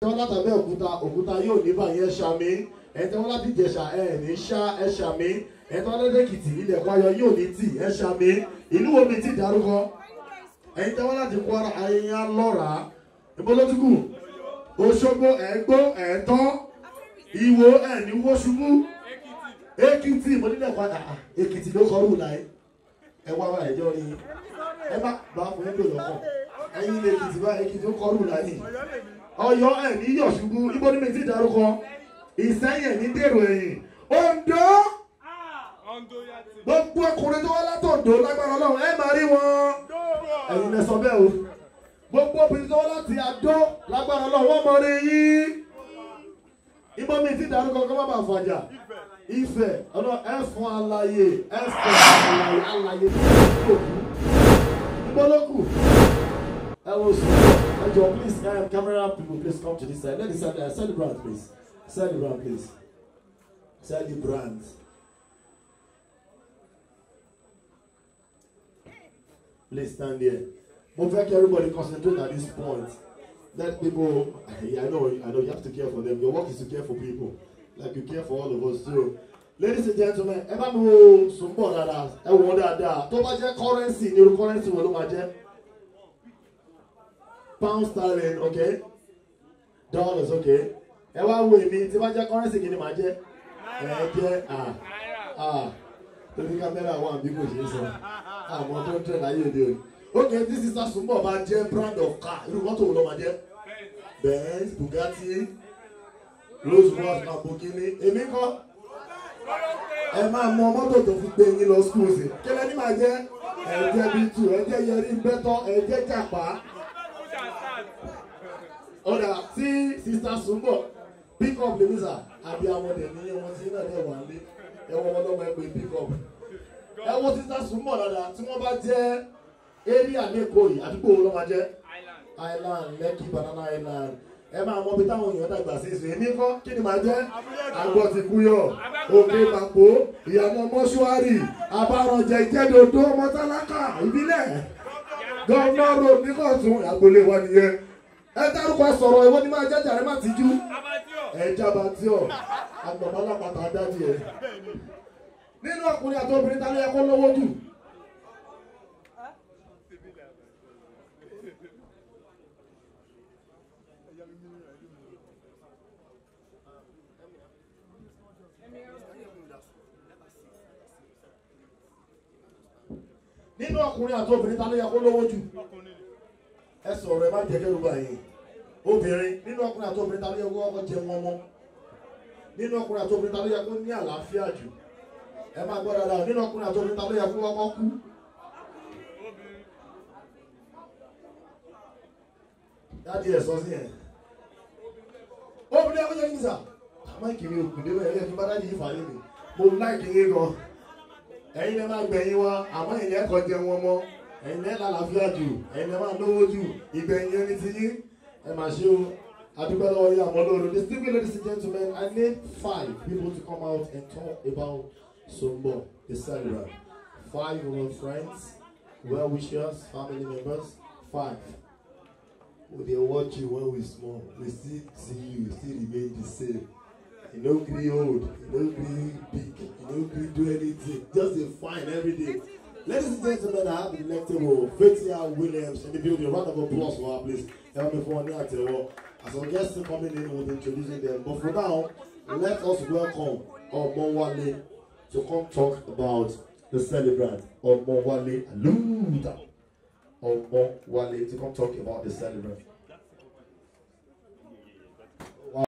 tí wọ́n látàbẹ́ òkúta òkúta yóò ní báyìí ẹ ṣàmì ẹni tí wọ́n láti jẹ̀ṣà ẹ ní ṣá ẹ ṣàmì ẹni tí wọ́n lẹ́dẹ̀kìtì ilẹ̀ kwayọ yóò ní tì ẹ ṣàmì ìlú wo mi ti dárúkọ ẹni tí wọ́n láti Kwara ayẹyẹ lọ́ra ìbólótúkù Òṣogbo ẹ̀gbọ́ ẹ̀tọ́ Ìwó ẹ̀ní wọ́ṣubú Èkìtì ìmọ̀lẹ́lẹ̀ padà ah, ah, Èkìtì ló kọ́ rúùlà ẹ ẹ wá wá ẹjọ́ rí ẹ má bàá fún ẹ lò Ọ̀yọ́ ẹ̀ní yọ̀ṣubú ibo ni mi ti dárúkọ Ìsẹ́yìn ẹ̀ní dèrò ẹ̀yìn Ondo gbogbo ọkùnrin tó wá látọ̀dó lágbára Ọlọ́run ẹ máa rí wọn ẹ̀yin lẹ sọ bẹ́ẹ̀ o gbogbo obìnrin tó wá láti Adó lágbára Ọlọ́run wọ́n mọ rí yín ibo mi ti dárúkọ kọ́ má bàa fàjà Ifẹ̀ ọ̀nà ẹ fún àlàyé ẹ fún àlàyé àlàyé tó kù ibo ẹ wò sùn. Joe, please, um, camera people, please come to this side. Let us uh, celebrate, please. Celebrate, please. Celebrate. Please stand here. But like everybody concentrate at this point. Let people, yeah, I know, I know, you have to care for them. Your work is to care for people, like you care for all of us too. Ladies and gentlemen, ever bá mi wo sùnbọ̀ that. ẹ wò ó dáadáa. currency New currency will look máa that pound sterling okay dollars okay ẹ wá wo èmi tí bá jẹ́ currency kí ni màá jẹ́ ẹ jẹ́ torí kámẹ́rà wà bí kò ṣe é sọ àmọ́ tó ń tẹ̀ láyé òde òní okay this is asunbọ̀ máa jẹ́ brand of car irú mọ́tò wo ló máa jẹ́ Benz Bugatti Rolls Royce Lamborghini èmi kọ́ ẹ máa mọ mọ́tò tó fi gbé yín lọ school sí kílẹ̀ ní màá jẹ́ ẹ jẹ́ bíi tù ẹ jẹ́ yẹrí bẹ́tọ̀ ẹ jẹ́ jàpá ọ̀dà tí sista Sùnbọ̀ pick up lèmi sà àbí àwọn ọ̀dẹ̀ ní ẹ̀wọ̀n tí náà dẹ̀ wà lé ẹ̀wọ̀n ọmọdọ́mọ ẹgbẹ́ pick up ẹ̀wọ̀n sista Sùnbọ̀ dada tí wọ́n bá jẹ́ area lẹ́kọ̀ọ́ yìí àdúgbò wo ló máa jẹ́ island Lekki banana island ẹ máa mọ bí táwọn èèyàn dàgbà sí ìsìn èmi kọ́ kí ni màá jẹ́ àgbọ̀ ti kúyọ̀ òkè pàpò ìyàmọ̀ mọ́ṣúárì àbárànjẹ ìjẹ́dọ̀dọ̀ mọ́tálákà ìbílẹ̀ gọ́ọ̀nà road ní kọ̀tún agbolé wa nìyẹn ẹ dárúkọ sọ̀rọ̀ ìwọ ni máa jẹ́jà rẹ má ti jú ẹ jábà tí ọ̀ àgbàbá lápàtà dájú ẹ nínú ọkùnrin àti obìnrin ta ló yẹ kó lówó dùn. nínú ọkùnrin àti obìnrin ta ló yẹ kó lówó jù ẹ sọ̀rọ̀ ẹ má jẹ́ kẹ́rù báyìí obìnrin nínú ọkùnrin àti obìnrin ta ló yẹ kó ọkọ jẹun ọmọ nínú ọkùnrin àti obìnrin ta ló yẹ kó ní àlàáfíà jù ẹ má gbọ́ dáadáa nínú ọkùnrin àti obìnrin ta ló yẹ kó ọkọ kú. dáàdi ẹ̀ sọ sí ẹ̀ obìnrin ẹ̀ kó jẹ́ kí n sà àmọ́ ìkìlì òkùnrin ẹ̀ ẹ̀ fi bá dáàdi yìí fà á lé mi mo láì kéré gan ẹ̀yin lè máa gbẹ̀yìn wọn àmọ́ ẹ̀yin ẹ̀kọ́ jẹ wọn mọ́ ẹ̀yin lè lálàáfíà jù ẹ̀yin lè máa lówó jù ìgbẹ̀yìn ẹni ti yín ẹ máa ṣe o adúgbò lọ́wọ́ yìí àmọ́ lóru the stupid ladies and gentlemen I need five people to come out and talk about Sombo the celebrant five of our friends well wishers family members five. We dey watch you when we small we still see you still remain the same. You no gree old, you no gree big, you no gree do anything. Just dey fine every day. Ladies and gentlemen, I have the electable Fetia Williams in the building. Round of applause for her, please. Help me for a hour. As our guests coming in, we'll be introducing them. But for now, let us welcome Omowale to come talk about the celebrant Omowale Aluda. Omowale to come talk about the celebrant.